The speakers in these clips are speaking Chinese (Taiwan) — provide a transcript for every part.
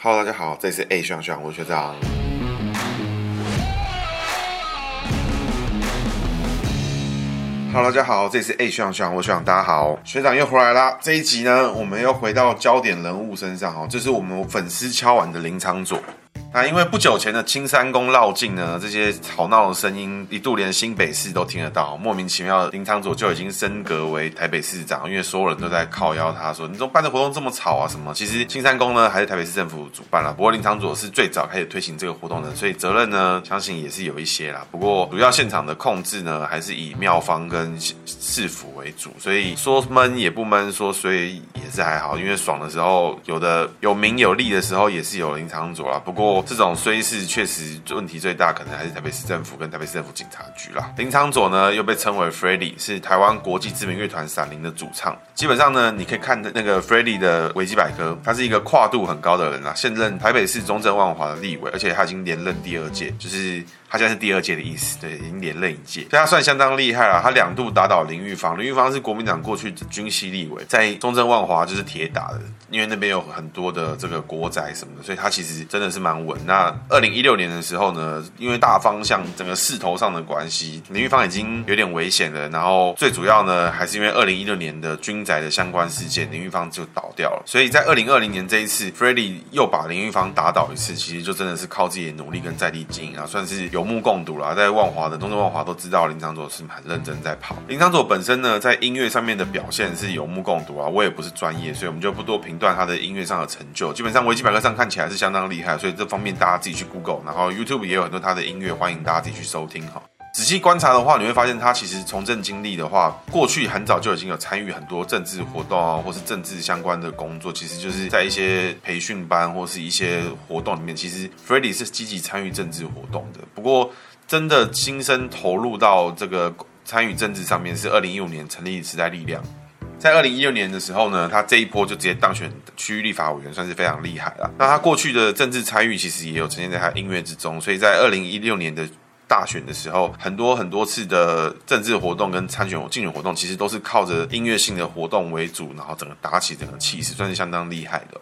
Hello 大家好，這裡是 A 學長學長，我是學長。 Hello 大家好，這裡是 A 學長學長，我是學長。大家好，學長又回來啦。這一集呢，我們又回到焦點人物身上哦，這是我們粉絲敲碗的林昶佐。啊，因為不久前的青山宮繞境呢，這些吵鬧的聲音一度連新北市都聽得到，莫名其妙林昶佐就已經升格為台北市長，因為所有人都在靠邀他說，你總辦的活動這麼吵啊什麼？其實青山宮呢還是台北市政府主辦啦，不過林昶佐是最早開始推行這個活動的，所以責任呢相信也是有一些啦。不過主要現場的控制呢還是以廟方跟市府為主，所以說悶也不悶，說水也是還好，因為爽的時候有的有名有利的時候也是有林昶佐啦。不過。這種雖是確實問題最大，可能還是台北市政府跟台北市政府警察局啦。林昶佐呢，又被稱為 Freddy，是台灣國際知名樂團閃靈的主唱。基本上呢，你可以看那個 Freddy 的維基百科，他是一個跨度很高的人啦。現任台北市中正萬華的立委，而且他已經連任第二屆，就是。他現在是第二屆的意思，對，已經連任一屆，所以他算相當厲害了。他兩度打倒林玉芳，林玉芳是國民黨過去的軍系立委，在中正萬華就是鐵打的，因為那邊有很多的這個國宅什麼的，所以他其實真的是蠻穩。那二零一六年的時候呢，因為大方向整個勢頭上的關係，林玉芳已經有點危險了。然後最主要呢，還是因為二零一六年的軍宅的相關事件，林玉芳就倒掉了。所以在二零二零年這一次 Freddy 又把林玉芳打倒一次，其實就真的是靠自己的努力跟在地經營啊，算是有目共睹啦，在萬華的中正萬華都知道林昶佐是很認真在跑。林昶佐本身呢，在音樂上面的表現是有目共睹啊，我也不是專業，所以我們就不多評斷他的音樂上的成就。基本上維基百科上看起來是相當厲害，所以這方面大家自己去 Google，然後 YouTube 也有很多他的音樂，歡迎大家自己去收聽哈。仔細觀察的話，你會發現他其實從政經歷的話，過去很早就已經有參與很多政治活動啊，或是政治相關的工作，其實就是在一些培訓班或是一些活動裡面，其實 Freddy 是積極參與政治活動的。不過，真的親身投入到這個參與政治上面是二零一五年成立時代力量，在二零一六年的時候呢，他這一波就直接當選區域立法委員，算是非常厲害了。那他過去的政治參與其實也有呈現在他音樂之中，所以在二零一六年的。大選的時候，很多很多次的政治活動跟參選競選活動，其實都是靠着音樂性的活動為主，然後整個打起整個氣勢，算是相當厲害的。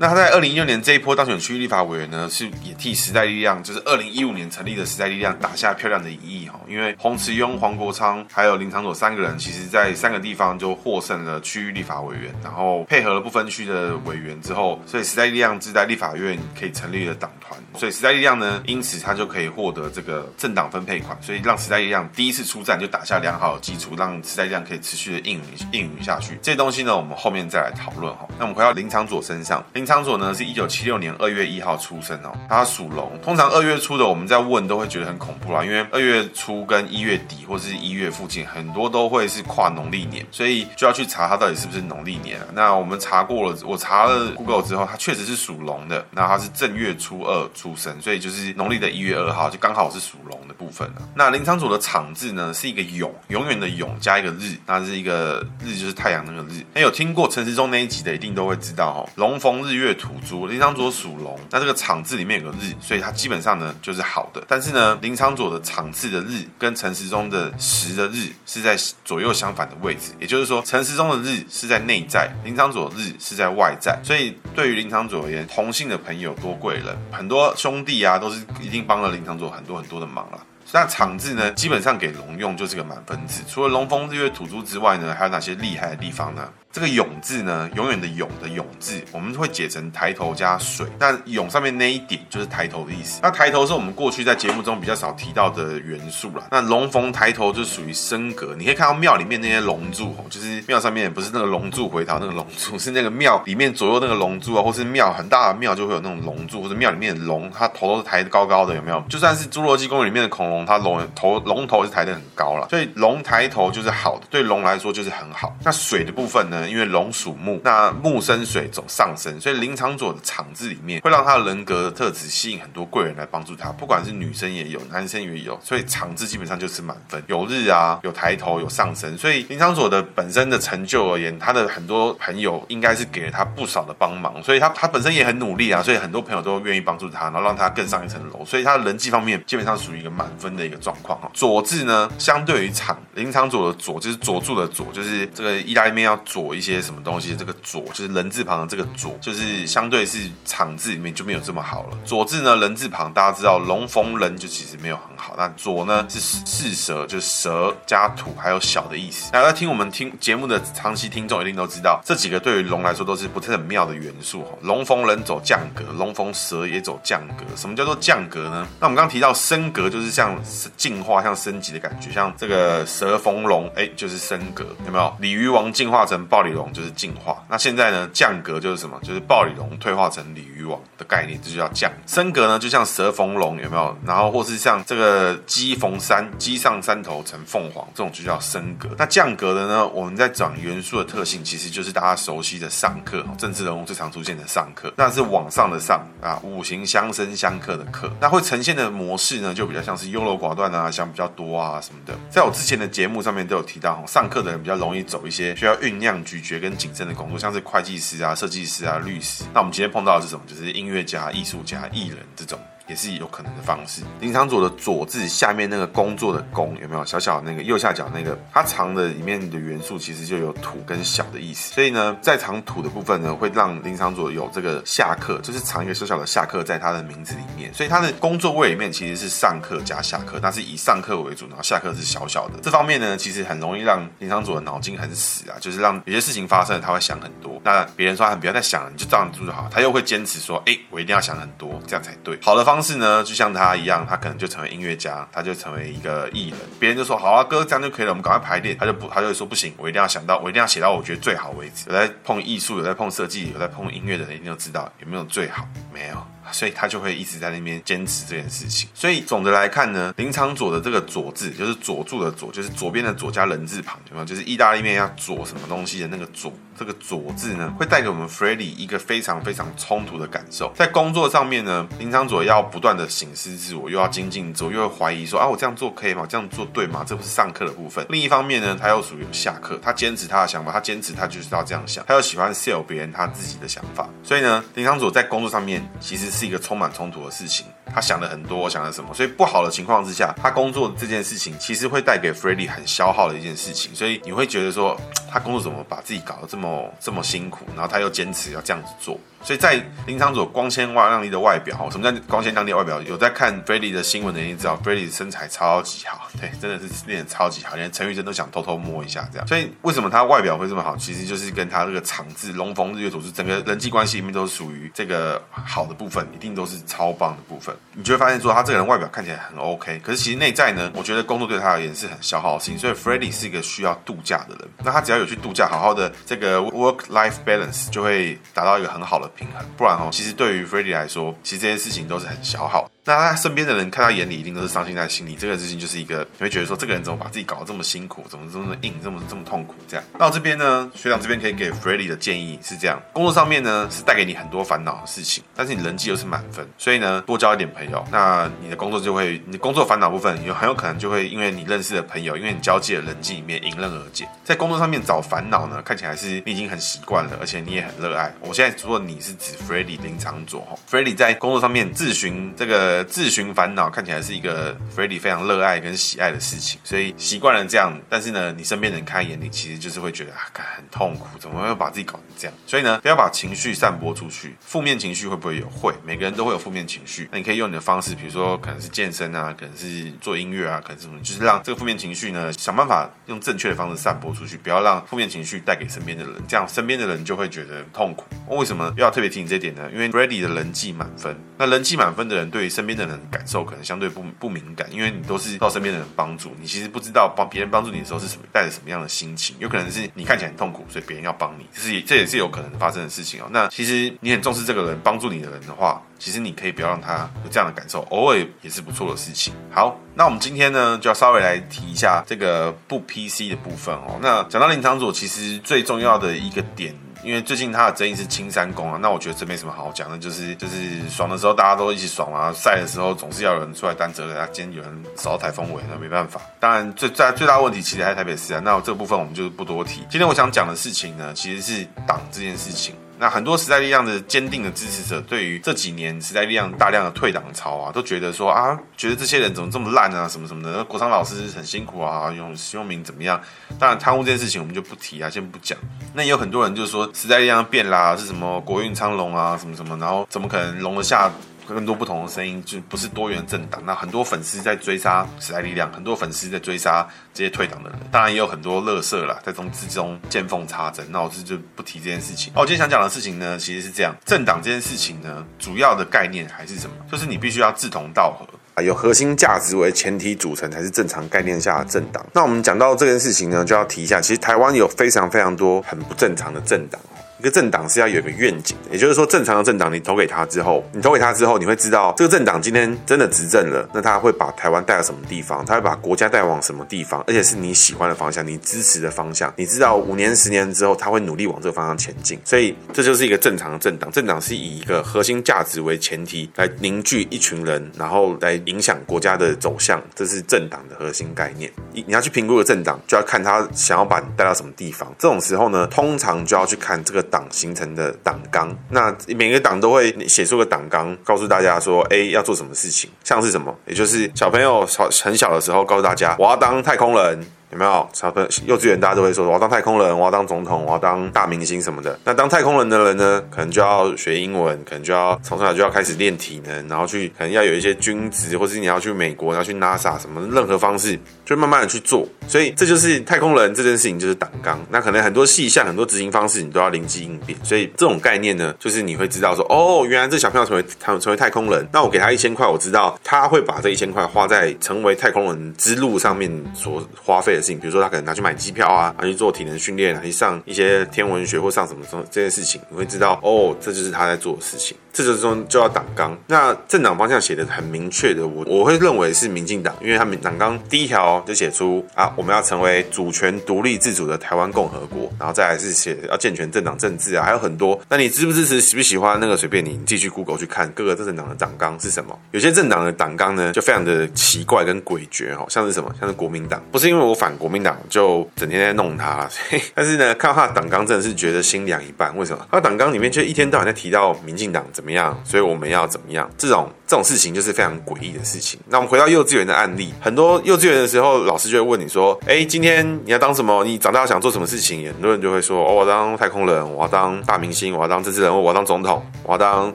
那他在二零一六年，這一波當選區域立法委員呢，是也替時代力量，就是二零一五年成立的時代力量打下漂亮的一役哈。因為洪慈庸、黃國昌還有林昶佐三個人，其實在三個地方就獲勝了區域立法委員，然後配合了不分區的委員之後，所以時代力量自在立法院可以成立了黨團，所以時代力量呢，因此他就可以獲得這個政黨分配款，所以讓時代力量第一次出戰就打下良好的基礎，讓時代力量可以持續的應援應援下去。這些東西呢，我們後面再來討論哈。那我們回到林昶佐身上，林。昶佐呢，是一九七六年二月一號出生哦，他屬龍。通常二月初的，我們在問都會覺得很恐怖啦、啊，因為二月初跟一月底或是一月附近，很多都會是跨農曆年，所以就要去查他到底是不是農曆年啊。那我們查過了，我查了 Google 之後，他確實是屬龍的。那他是正月初二出生，所以就是農曆的一月二號，就剛好是屬龍。部分，啊、那林昶佐的昶字呢，是一個永永遠的永加一個日，那是一個日就是太陽那個日。那，欸、有聽過陳時中那一集的，一定都會知道哈。龍逢日月吐珠，林昶佐屬龍，那這個昶字裡面有個日，所以它基本上呢就是好的。但是呢，林昶佐的昶字的日跟陳時中的時的日是在左右相反的位置，也就是說陳時中的日是在內在，林昶佐的日是在外在。所以對於林昶佐而言，同姓的朋友多貴人，很多兄弟啊都是一定幫了林昶佐很多很多的忙了。那昶字呢，基本上給龍用就是個滿分字。除了龍逢日月吐珠之外呢，還有哪些厲害的地方呢？這個“永”字呢，永遠的“永”的“永”字，我們會解成抬頭加水。那“永”上面那一點就是抬頭的意思。那抬頭是我們過去在節目中比較少提到的元素了。那龍逢抬頭就屬於升格，你可以看到廟裡面那些龍柱，就是廟上面不是那個龍柱回頭那個龍柱，是那個廟裡面左右那個龍柱啊，或是廟很大的廟就會有那種龍柱，或者廟裡面的龍，它頭都是抬得高高的，有沒有？就算是侏羅紀公園裡面的恐龍，它龍頭龍頭是抬得很高了。所以龍抬頭就是好的，對龍來說就是很好。那水的部分呢？因為龍屬木，那木生水，走上升，所以林昶佐的昶字裡面會讓他的人格的特質吸引很多貴人來幫助他，不管是女生也有，男生也有，所以昶字基本上就是滿分，有日啊，有抬頭，有上升，所以林昶佐的本身的成就而言，他的很多朋友應該是給了他不少的幫忙，所以他他本身也很努力啊，所以很多朋友都願意幫助他，然後讓他更上一層樓，所以他人際方面基本上屬於一個滿分的一個狀況。佐字呢，相對於昶，林昶佐的佐就是佐助的佐，就是這個意大利麵要佐。一些什麼東西，這個佐就是人字旁的這個佐，就是相對是廠字裡面就沒有這麼好了。佐字呢，人字旁，大家知道龍逢人就其實沒有很好，那佐呢是是蛇，就是蛇加土還有小的意思。那、啊、大家聽我們聽節目的長期聽眾一定都知道，這幾個對於龍來說都是不是很妙的元素、哦、龍逢人走降格，龍逢蛇也走降格。什麼叫做降格呢？那我們剛剛提到升格就是像進化、像升級的感覺，像這個蛇逢龍哎就是升格，有沒有？鯉魚王進化成暴。暴鯉龍就是進化，那現在呢降格就是什麼？就是暴鯉龍退化成鯉魚王的概念，這就叫降。升格呢就像蛇逢龍有沒有？然後或是像這個雞逢山，雞上山頭成鳳凰，這種就叫升格。那降格的呢，我們在講元素的特性，其實就是大家熟悉的上課，政治人物最常出現的上課，那是往上的上啊，五行相生相克的克。那會呈現的模式呢，就比較像是優柔寡斷啊，想比較多啊什麼的。在我之前的節目上面都有提到，上課的人比較容易走一些需要醞釀。咀嚼跟謹慎的工作，像是會計師啊、設計師啊、律師。那我們今天碰到的是什麼？就是音樂家、藝術家、藝人這種。也是有可能的方式。林昶佐的左字下面那個工作的工有沒有小小的那個右下角那個？它藏的裡面的元素其實就有土跟小的意思。所以呢，在藏土的部分呢，會讓林昶佐有這個下課，就是藏一個小小的下課在他的名字裡面。所以他的工作位裡面其實是上課加下課，但是以上課為主，然後下課是小小的。這方面呢，其實很容易讓林昶佐的腦筋很死啊，就是讓有些事情發生了，他會想很多。那別人說他很不要再想了，你就這樣做就好，他又會堅持說：哎，我一定要想很多，這樣才對。好的方。但是呢，就像他一樣，他可能就成為音樂家，他就成為一個藝人。別人就說好啊，哥這樣就可以了，我們趕快排練。他就不，他就說不行，我一定要想到，我一定要寫到我覺得最好為止。有在碰藝術，有在碰設計，有在碰音樂的人，一定要知道有沒有最好？沒有。所以他就會一直在那邊堅持這件事情。所以總的來看呢，林昶佐的這個佐字就是佐助的佐，就是左邊的佐加人字旁，有沒有？就是意大利麵要佐什麼東西的那個佐。這個佐字呢，會帶給我們 Freddy 一個非常非常衝突的感受。在工作上面呢，林昶佐要不斷的省思自我，又要精進自我，又會懷疑說啊，我這樣做可以嗎？這樣做對嗎？這不是上課的部分。另一方面呢，他又屬於下課，他堅持他的想法，他堅持他就是要這樣想，他又喜歡 sell 別人他自己的想法。所以呢，林昶佐在工作上面其實是。是一個充滿衝突的事情，他想了很多，我想了什麼，所以不好的情況之下，他工作這件事情其實會帶給 Freddy 很消耗的一件事情，所以你會覺得說，他工作怎麼把自己搞得這麼這麼辛苦，然後他又堅持要這樣子做。所以在林昶佐光鮮亮麗的外表，什麼叫光鮮亮麗的外表？有在看 Freddy 的新聞的人知道 Freddy 身材超級好，對，真的是練得超級好，連陳玉珍都想偷偷摸一下這樣。所以為什麼他外表會這麼好？其實就是跟他這個長字龍逢日月組織，整個人際關係裡面都屬於這個好的部分，一定都是超棒的部分。你就會發現說，他這個人外表看起來很 OK，可是其實內在呢，我覺得工作對他而言是很消耗的事情，所以 Freddy 是一個需要度假的人。那他只要有去度假，好好的這個 work life balance 就會達到一個很好的平衡，不然哦，其實對於 Freddy 來說，其實這些事情都是很消耗的。那他身邊的人看到眼裡一定都是傷心，在心裡。這個事情就是一個，你會覺得說，這個人怎麼把自己搞得這麼辛苦，怎麼這麼硬，這麼這麼痛苦？這樣到這邊呢，學長這邊可以給 Freddy 的建議是這樣：工作上面呢是帶給你很多煩惱的事情，但是你人際又是滿分，所以呢多交一點朋友，那你的工作就會，你的工作煩惱部分有很有可能就會因為你認識的朋友，因為你交際的人際裡面迎刃而解。在工作上面找煩惱呢，看起來是你已經很習慣了，而且你也很熱愛。我現在如果你是指 Freddy 林昶佐齁，Freddy 在工作上面自尋這個。自尋煩惱看起來是一個 Freddy 非常熱愛跟喜愛的事情，所以習慣了這樣。但是呢，你身邊的人看一眼，你其實就是會覺得啊，很痛苦，怎麼會把自己搞成這樣？所以呢，不要把情緒散播出去。負面情緒會不會有？會，每個人都會有負面情緒。那你可以用你的方式，比如說可能是健身啊，可能是做音樂啊，可能是什麼，就是讓這個負面情緒呢，想辦法用正確的方式散播出去，不要讓負面情緒帶給身邊的人，這樣身邊的人就會覺得痛苦哦。為什麼又要特別提醒這一點呢？因為 Freddy 的人際滿分，那人際滿分的人對。身邊的人感受可能相對不不敏感，因為你都是靠身邊的人幫助，你其實不知道幫別人幫助你的時候是什麼帶着什麼樣的心情，有可能是你看起來很痛苦，所以別人要幫你，這是，這也是有可能發生的事情哦。那其實你很重視這個人幫助你的人的話，其實你可以不要讓他有這樣的感受，偶爾也是不錯的事情。好，那我們今天呢，就要稍微來提一下這個不 PC 的部分哦。那講到林昶佐，其實最重要的一個點。因為最近他的爭議是青山宮啊，那我覺得這沒什麼好講的，就是就是爽的時候大家都一起爽啊，衰的時候總是要有人出來擔責任啊，今天有人掃台風尾，那沒辦法。當然最在最，最大問題其實還是台北市啊，那這個部分我們就不多提。今天我想講的事情呢，其實是黨這件事情。那很多時代力量的堅定的支持者，對於這幾年時代力量大量的退黨潮啊，都覺得說啊，覺得這些人怎麼這麼爛啊，什麼什麼的。國昌老師很辛苦啊，用實用名怎麼樣？當然貪污這件事情我們就不提啊，先不講。那也有很多人就說時代力量變啦，啊，是什麼國運昌隆啊，什麼什麼，然後怎麼可能容得下？更多不同的聲音，就不是多元政黨。那很多粉絲在追殺時代力量，很多粉絲在追殺這些退黨的人。當然也有很多垃圾啦，在從之中見縫插針。那我這就不提這件事情。哦，我今天想講的事情呢，其實是這樣：政黨這件事情呢，主要的概念還是什麼？就是你必須要志同道合啊，有核心價值為前提組成，才是正常概念下的政黨。那我們講到這件事情呢，就要提一下，其實台灣有非常非常多很不正常的政黨。一個政黨是要有一個願景，也就是說，正常的政黨，你投給他之後，你投給他之後，你會知道這個政黨今天真的執政了，那他會把台灣帶到什麼地方？他會把國家帶往什麼地方？而且是你喜歡的方向，你支持的方向，你知道五年、十年之後，他會努力往這個方向前進。所以，這就是一個正常的政黨。政黨是以一個核心價值為前提來凝聚一群人，然後來影響國家的走向，這是政黨的核心概念。你你要去評估一個政黨，就要看他想要把你帶到什麼地方。這種時候呢，通常就要去看這個。黨形成的黨綱，那每個黨都會寫出個黨綱，告訴大家說，誒，要做什麼事情，像是什麼，也就是小朋友小很小的時候，告訴大家，我要當太空人。有沒有小朋友？幼稚園大家都會說，我要當太空人，我要當總統，我要當大明星什麼的。那當太空人的人呢，可能就要學英文，可能就要從小就要開始練體能，然後去可能要有一些軍職，或是你要去美國，你要去 NASA 什麼，任何方式就慢慢的去做。所以這就是太空人這件事情就是黨綱。那可能很多細項，很多執行方式，你都要靈機應變。所以這種概念呢，就是你會知道說，哦，原來這小朋友成為他們成為太空人，那我給他一千塊，我知道他會把這一千塊花在成為太空人之路上面所花費。比如說，他可能拿去買機票啊，拿去做體能訓練啊，去上一些天文學或上什麼什麼這些事情，你會知道，哦，這就是他在做的事情。這時候就要黨綱，那政黨方向寫的很明確的，我我會認為是民進黨，因為他們黨綱第一條就寫出啊，我們要成為主權獨立自主的台灣共和國，然後再來是寫要健全政黨政治啊，還有很多。那你支不支持，喜不喜歡那個隨便你，繼續 Google 去看各個政黨的黨綱是什麼。有些政黨的黨綱呢，就非常的奇怪跟詭譎哦，像是什麼，像是國民黨，不是因為我反國民黨就整天在弄他，但是呢，看到他的黨綱真的是覺得心涼一半。為什麼？他黨綱裡面就一天到晚在提到民進黨怎麼。怎麼樣？所以我們要怎麼樣？這種這種事情就是非常詭異的事情。那我們回到幼稚園的案例，很多幼稚園的時候，老師就會問你說：“哎，今天你要當什麼？你長大想做什麼事情？”很多人就會說：“哦，我當太空人，我要當大明星，我要當政治人物，我要當總統，我要當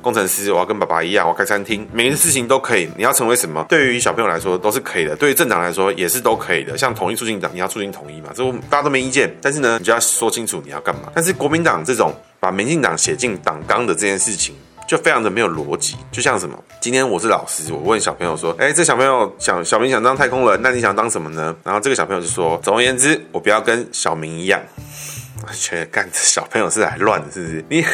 工程師，我要跟爸爸一樣，我要開餐廳。”每件事情都可以。你要成為什麼？對於小朋友來說都是可以的，對於政黨來說也是都可以的。像統一促進黨，你要促進統一嘛？這大家都沒意見。但是呢，你就要說清楚你要幹嘛。但是國民黨這種把民進黨寫進黨綱的這件事情。就非常的沒有邏輯，就像什麼？今天我是老師，我問小朋友說，哎、欸，這小朋友想，小明想當太空人，那你想當什麼呢？然後這個小朋友就說，總而言之，我不要跟小明一樣。我覺得幹，這小朋友是來亂的，是不是？你，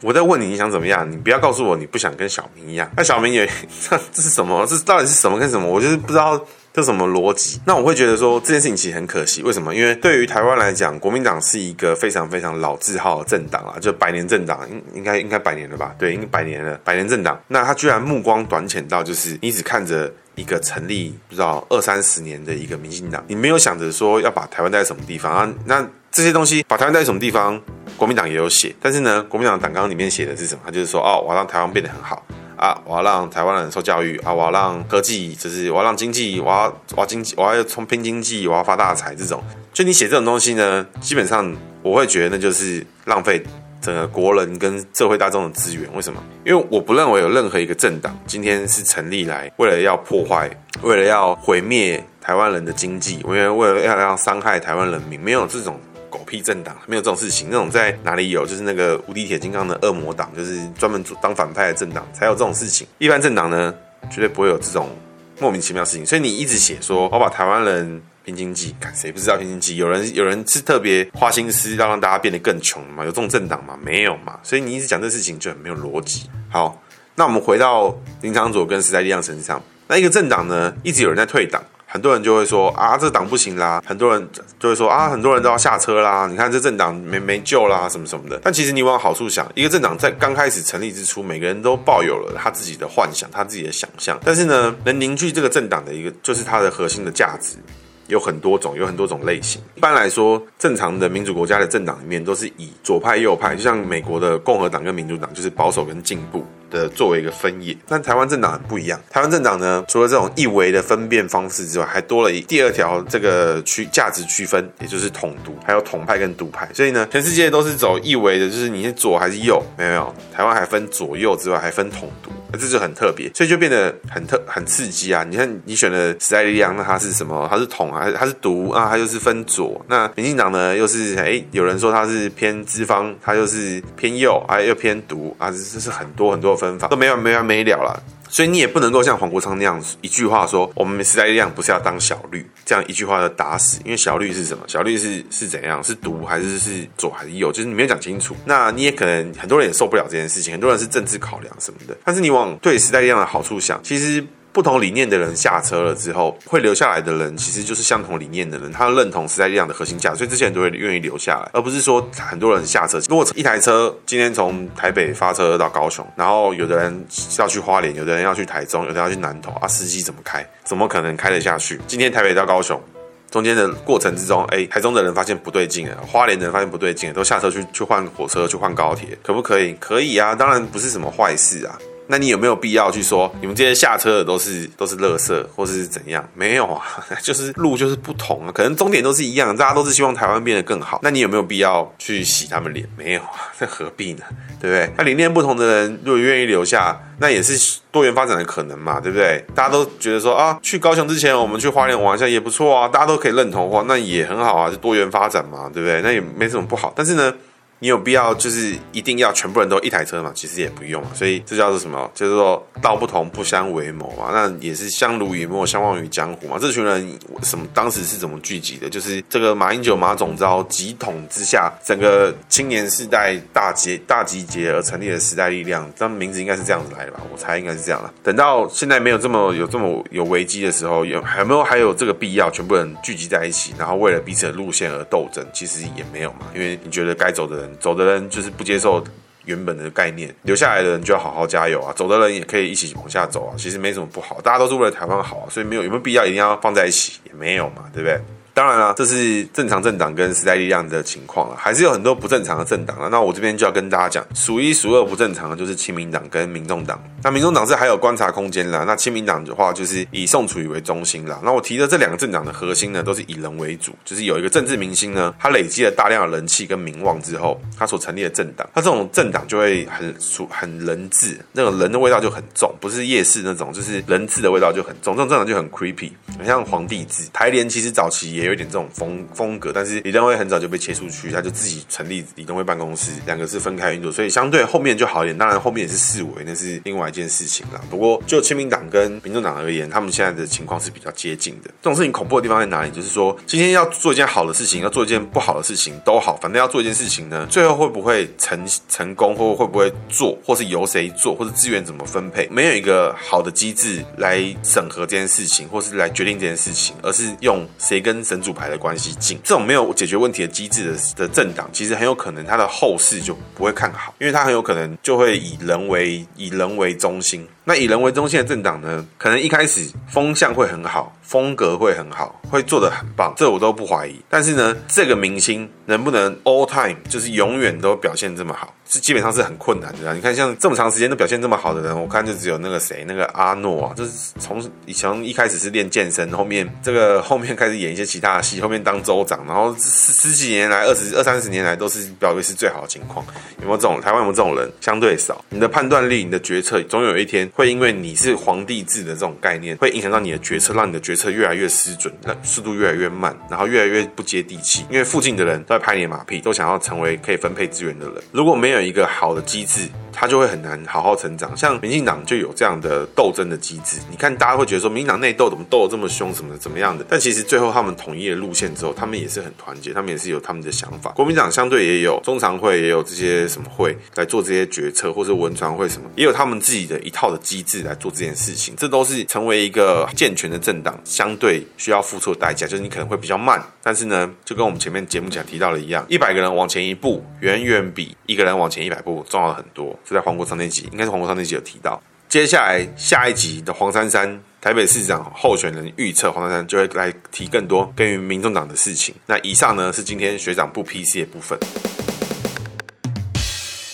我在問你，你想怎麼樣？你不要告訴我你不想跟小明一樣。那小明也，這是什麼？這到底是什麼跟什麼？我就是不知道。這什麼邏輯？那我會覺得說這件事情其實很可惜。為什麼？因為對於台灣來講，國民黨是一個非常非常老字號的政黨啊，就百年政黨，應應該應該百年了吧？對，應該百年了，百年政黨。那他居然目光短淺到，就是你只看着一個成立不知道二三十年的一個民進黨，你沒有想着說要把台灣帶在什麼地方啊？那這些東西，把台灣帶在什麼地方，國民黨也有寫。但是呢，國民黨黨綱裡面寫的是什麼？他就是說，哦，我要讓台灣變得很好。啊，我要讓台灣人受教育啊，我要讓科技，就是我要讓經濟，我要，我要經濟，我要從拼經濟，我要發大財，這種，就你寫這種東西呢，基本上我會覺得那就是浪費整個國人跟社會大眾的資源。為什麼？因為我不認為有任何一個政黨今天是成立來為了要破壞，為了要毀滅台灣人的經濟，為了要要傷害台灣人民，沒有這種。狗屁政黨沒有這種事情，那種在哪裡有？就是那個無敵鐵金剛的惡魔黨，就是專門主當反派的政黨才有這種事情。一般政黨呢，絕對不會有這種莫名其妙的事情。所以你一直寫說我把台灣人拼經濟，看誰不知道拼經濟？有人有人是特別花心思要讓大家變得更窮嘛？有這種政黨嗎？沒有嘛。所以你一直講這事情就很沒有邏輯。好，那我們回到林昶佐跟時代力量身上，那一個政黨呢，一直有人在退黨。很多人就會說啊，這黨不行啦；很多人就會說啊，很多人都要下車啦。你看這政黨沒沒救啦，什麼什麼的。但其實你往好處想，一個政黨在剛開始成立之初，每個人都抱有了他自己的幻想，他自己的想象。但是呢，能凝聚這個政黨的一個，就是它的核心的價值。有很多種，有很多種類型。一般來說，正常的民主國家的政黨裡面都是以左派、右派，就像美國的共和黨跟民主黨，就是保守跟進步的作為一個分野。但台灣政黨很不一樣，台灣政黨呢，除了這種一維的分辨方式之外，還多了一第二條這個區價值區分，也就是統獨，還有統派跟獨派。所以呢，全世界都是走一維的，就是你是左還是右，沒有，沒有台灣還分左右之外，還分統獨，這就很特別，所以就變得很特很刺激啊！你看你選的時代力量，那它是什麼？它是統啊。它是獨啊，它就是分左。那民進黨呢，又是哎、欸，有人說它是偏資方，它又是偏右，還、啊、又偏獨啊，這是很多很多分法，都沒完沒完沒了了。所以你也不能夠像黃國昌那樣一句話說，我們時代力量不是要當小綠，這樣一句話就打死。因為小綠是什麼？小綠是是怎樣？是獨還是是左還是右？就是你沒有講清楚。那你也可能很多人也受不了這件事情，很多人是政治考量什麼的。但是你往對時代力量的好處想，其實。不同理念的人下車了之後，會留下來的人其實就是相同理念的人，他的認同是在一樣的核心價值，所以這些人都會願意留下來，而不是說很多人下車。如果一台車今天從台北發車到高雄，然後有的人要去花蓮，有的人要去台中，有的人要去南投啊，司機怎麼開？怎麼可能開得下去？今天台北到高雄中間的過程之中，哎、欸，台中的人發現不對勁了，花蓮的人發現不對勁了，都下車去去換火車，去換高鐵，可不可以？可以啊，當然不是什麼壞事啊。那你有沒有必要去說，你們這些下車的都是都是垃圾或者是怎樣？沒有啊，就是路就是不同啊，可能終點都是一樣，大家都是希望台灣變得更好。那你有沒有必要去洗他們臉？沒有啊，那何必呢？對不對？那理念不同的人，如果願意留下，那也是多元發展的可能嘛，對不對？大家都覺得說啊，去高雄之前我們去花蓮玩一下也不錯啊，大家都可以認同的話，那也很好啊，就多元發展嘛，對不對？那也沒什麼不好。但是呢。你有必要就是一定要全部人都一台車嘛？其實也不用嘛，所以這叫做什麼？就是說道不同不相為謀嘛。那也是相濡以沫，相忘於江湖嘛。這群人什麼當時是怎麼聚集的？就是這個馬英九、馬總統急統之下，整個青年世代大集大集結而成立的時代力量。他們名字應該是這樣子來的吧，我猜應該是這樣了。等到現在沒有這麼有這麼有危機的時候，有還有沒有還有這個必要，全部人聚集在一起，然後為了彼此的路線而鬥爭，其實也沒有嘛。因為你覺得該走的。走的人就是不接受原本的概念，留下來的人就要好好加油啊！走的人也可以一起往下走啊，其實沒什麼不好，大家都是為了台灣好啊，所以沒有有沒有必要一定要放在一起，也沒有嘛，對不對？當然啦、啊，這是正常政黨跟時代力量的情況了、啊，還是有很多不正常的政黨了、啊。那我這邊就要跟大家講，數一數二不正常的，就是親民黨跟民眾黨。那民眾黨是還有觀察空間啦，那親民黨的話就是以宋楚瑜為中心啦。那我提的這兩個政黨的核心呢，都是以人為主，就是有一個政治明星呢，他累積了大量的人氣跟名望之後，他所成立的政黨，他這種政黨就會很熟很人治，那種人的味道就很重，不是夜市那種，就是人治的味道就很重，這種政黨就很 creepy，很像皇帝制。台聯其實早期也。有一點這種風風格，但是李登輝很早就被切出去，他就自己成立李登輝辦公室，兩個是分開運作，所以相對後面就好一點。當然後面也是四維，那是另外一件事情了。不過就親民黨跟民眾黨而言，他們現在的情況是比較接近的。這種事情恐怖的地方在哪裡？就是說今天要做一件好的事情，要做一件不好的事情都好，反正要做一件事情呢，最後會不會成成功，或會不會做，或是由誰做，或是資源怎麼分配，沒有一個好的機制來審核這件事情，或是來決定這件事情，而是用誰跟誰民主牌的關係近，這種沒有解決問題的機制的的政黨，其實很有可能他的後事就不會看好，因為他很有可能就會以人為以人為中心。那以人為中心的政黨呢，可能一開始風向會很好，風格會很好。會做得很棒，這我都不懷疑。但是呢，這個明星能不能 all time 就是永遠都表現這麼好，是基本上是很困難的。你看，像這麼長時間都表現這麼好的人，我看就只有那個誰，那個阿諾啊，就是從以前一開始是練健身，後面這個後面開始演一些其他的戲，後面當州長，然後十十幾年來二十二三十年來都是表現是最好的情況。有沒有這種？台灣有沒有這種人？相對少。你的判斷力，你的決策，總有一天會因為你是皇帝制的這種概念，會影響到你的決策，讓你的決策越來越失準的。速度越來越慢，然後越來越不接地氣，因為附近的人都在拍你的馬屁，都想要成為可以分配資源的人。如果沒有一個好的機制，他就會很難好好成長，像民進黨就有這樣的鬥爭的機制。你看，大家會覺得說，民進黨內鬥怎麼鬥得這麼凶，什麼怎麼樣的？但其實最後他們統一的路線之後，他們也是很團結，他們也是有他們的想法。國民黨相對也有，中常會也有這些什麼會來做這些決策，或是文傳會什麼，也有他們自己的一套的機制來做這件事情。這都是成為一個健全的政黨相對需要付出的代價，就是你可能會比較慢，但是呢，就跟我們前面節目講提到的一樣，一百個人往前一步，遠遠比一個人往前一百步重要很多。是在黃國昌那集，應該是黃國昌那集有提到。接下來下一集的黃珊珊，台北市長候選人預測，黃珊珊就會來提更多關於民眾黨的事情。那以上呢是今天學長不 PC 的部分。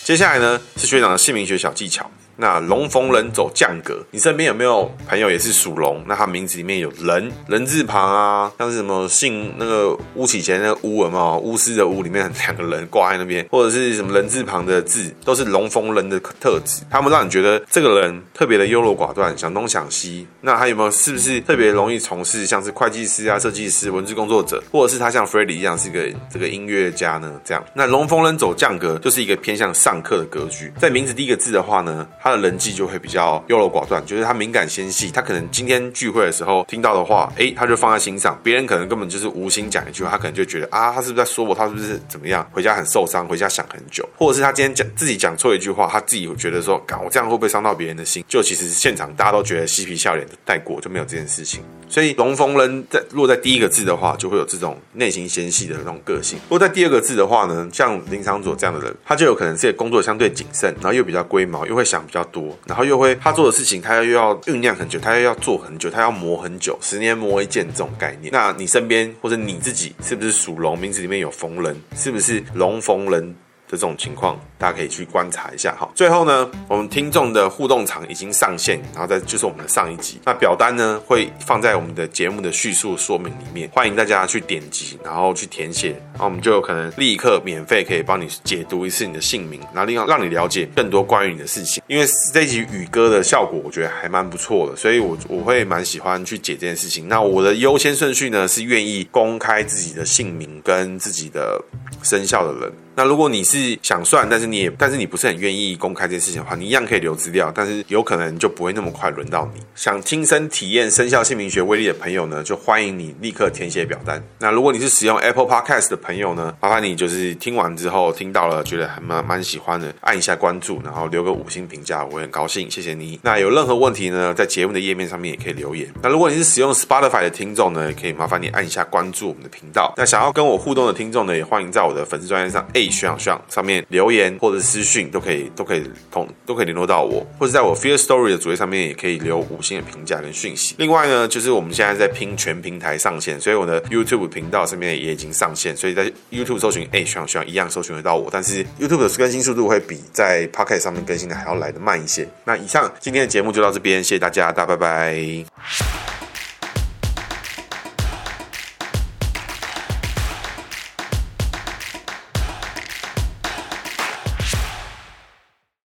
接下來呢是學長的姓名學小技巧。那龍逢人走降格，你身邊有沒有朋友也是屬龍？那他名字裡面有人人字旁啊，像是什麼姓那個巫啟賢那個巫文嘛，巫師的巫裡面兩個人掛在那邊，或者是什麼人字旁的字，都是龍逢人的特質。他們讓你覺得這個人特別的優柔寡斷，想東想西。那他有沒有是不是特別容易從事像是會計師啊、設計師、文字工作者，或者是他像 Freddy 一樣是一個這個音樂家呢？這樣，那龍逢人走降格就是一個偏向上克的格局，在名字第一個字的話呢，他。他的人際就會比較優柔寡斷，就是他敏感纖細，他可能今天聚會的時候聽到的話，哎、欸，他就放在心上。別人可能根本就是無心講一句話，他可能就覺得啊，他是不是在說我，他是不是怎麼樣？回家很受傷，回家想很久，或者是他今天講自己講錯一句話，他自己覺得說，搞我這樣會不會傷到別人的心？就其實現場大家都覺得嬉皮笑臉的帶過，就沒有這件事情。所以龍逢人在落在第一個字的話，就會有這種內心纖細的那種個性。落在第二個字的話呢，像林昶佐這樣的人，他就有可能是工作相對謹慎，然後又比較龜毛，又會想比較。多，然後又會他做的事情，他又要醞釀很久，他又要做很久，他要磨很久，十年磨一劍這種概念。那你身邊或者你自己是不是屬龍？名字裡面有逢人，是不是龍逢人的這種情況？大家可以去觀察一下哈。最後呢，我們聽眾的互動場已經上線，然後再就是我們的上一集。那表單呢會放在我們的節目的敘述說明裡面，歡迎大家去點擊，然後去填寫。然後我們就有可能立刻免費可以幫你解讀一次你的姓名，然後另外讓你了解更多關於你的事情。因為這一集宇哥的效果我覺得還蠻不錯的，所以我我會蠻喜歡去解這件事情。那我的優先順序呢是願意公開自己的姓名跟自己的生肖的人。那如果你是想算，但是你也，但是你不是很願意公開這件事情的話，你一樣可以留資料，但是有可能就不會那麼快輪到你。想親身體驗生肖姓名學威力的朋友呢，就歡迎你立刻填寫表單。那如果你是使用 Apple Podcast 的朋友呢，麻煩你就是聽完之後聽到了，覺得還蠻蠻喜歡的，按一下關注，然後留個五星評價，我也很高興，謝謝你。那有任何問題呢，在節目的頁面上面也可以留言。那如果你是使用 Spotify 的聽眾呢，也可以麻煩你按一下關注我們的頻道。那想要跟我互動的聽眾呢，也歡迎在我的粉絲專頁上，欸，學長學長上面留言。或者私訊都可以，都可以通，都可以聯絡到我，或者在我 Firstory 的主頁上面也可以留五星的評價跟訊息。另外呢，就是我們現在在拼全平台上線，所以我的 YouTube 頻道上面也已經上線，所以在 YouTube 搜尋欸，學長學長一樣搜尋得到我，但是 YouTube 的更新速度會比在 Podcast 上面更新的還要來得慢一些。那以上今天的節目就到這邊，謝謝大家，大家拜拜。